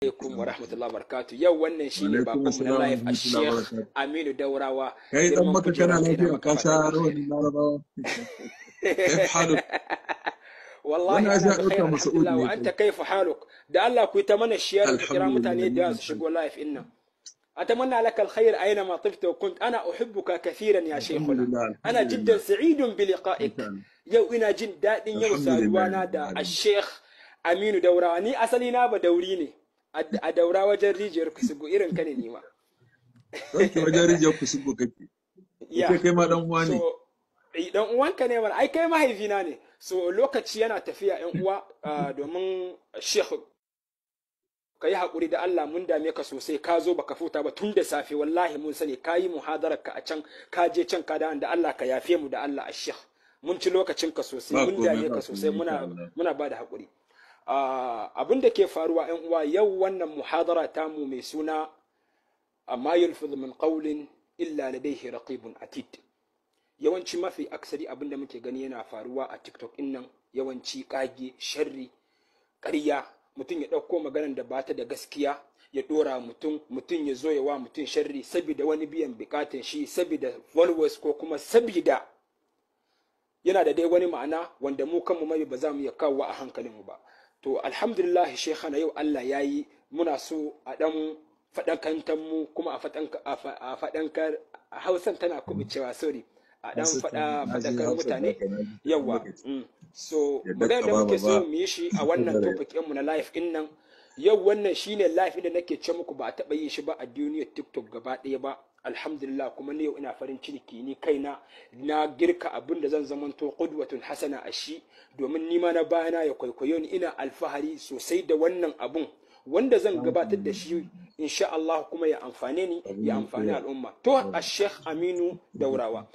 alaikum wa rahmatullahi barakatu yau wannan shi ne baban mu na live a sheikh aminu daurawa kai dan maka kana lafiya ka sha rawani larabawa wallahi ana bukhair alhamdulillah wa anta kaifa haluk da Allah ku ta mana shiyar da kira mutane da su shigo live innan أتمنى لك الخير أينما طفت وكنت ya أحبك كثيرا يا شيخنا أنا جدا سعيد بلقائك يو إنا جدا يو سادوانا دا الشيخ أمين دوراني أصلي نابا دوريني a daura wajen rijiyar kusugu irin ka ne nima ɗauke wajen rijiyar kusugu kake ita kai ma ɗan uwa ne eh, dan uwanka ne mana ai kai mahaifina ne so lokaci yana tafiya yan uwa ah, domin shehu ka yi haƙuri da Allah mun dame ka sosai ka zo baka futa ba tun da safe wallahi mun sani ka yi muhadarar ka a can ka je can ka da Allah ka yafe mu da Allah a shek mun ci lokacin ka sosai mun dame ka sosai muna muna ba da haƙuri abin da ke faruwa yan uwa yau wannan muhadara mu mai suna a mayul min qawlin illa ladayhi raqibun atid yawanci mafi aksari abin da muke gani yana faruwa a tiktok in nan yawanci kage sharri ƙarya mutum ya ɗauko maganar da bata da gaskiya ya ɗora mutum mutum ya zo ya wa mutum sharri sabida wani biyan bukatan shi sabida followers ko kuma sabida yana da dai wani ma'ana wanda mu kanmu mai ba za mu iya kawo a hankalinmu ba to alhamdulillah shekhana yau Allah ya yi muna so a ɗan faɗakantar mu kuma a faɗankar hausan tana kuma cewa sorry a ɗan faɗa faɗankar mutane yawa mm. so magana da muke so mu yi shi a wannan topic mu na live in nan yau wannan shine live da nake ce muku ba a taɓa yi shi ba a duniyar tiktok gaba ɗaya ba alhamdulillah kuma ne yau ina farin ciki ni kaina na girka abin da zan zamanto qudwatun hasana a shi domin nima na bayana ya kwaikwayo ni ina alfahari sosai da wannan abun wanda zan gabatar da shi insha Allah kuma ya amfane ni ya amfani al'umma to a Sheikh Aminu Daurawa